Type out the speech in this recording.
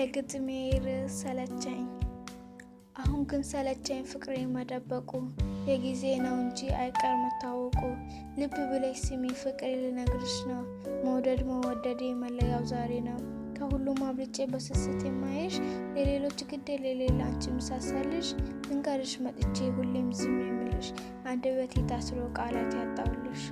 የግጥሜ ርዕስ ሰለቸኝ። አሁን ግን ሰለቸኝ ፍቅሬ መደበቁ የጊዜ ነው እንጂ አይቀር መታወቁ። ልብ ብለሽ ስሚ ፍቅሬ ልነግርሽ ነው መውደድ መወደዴ መለያው ዛሬ ነው። ከሁሉም አብልጬ በስስት የማየሽ የሌሎች ግድ የሌለ አንቺ ምሳሳልሽ ልንገርሽ መጥቼ ሁሌም ዝም የምልሽ አንደበቴ ታስሮ ቃላት ያጣውልሽ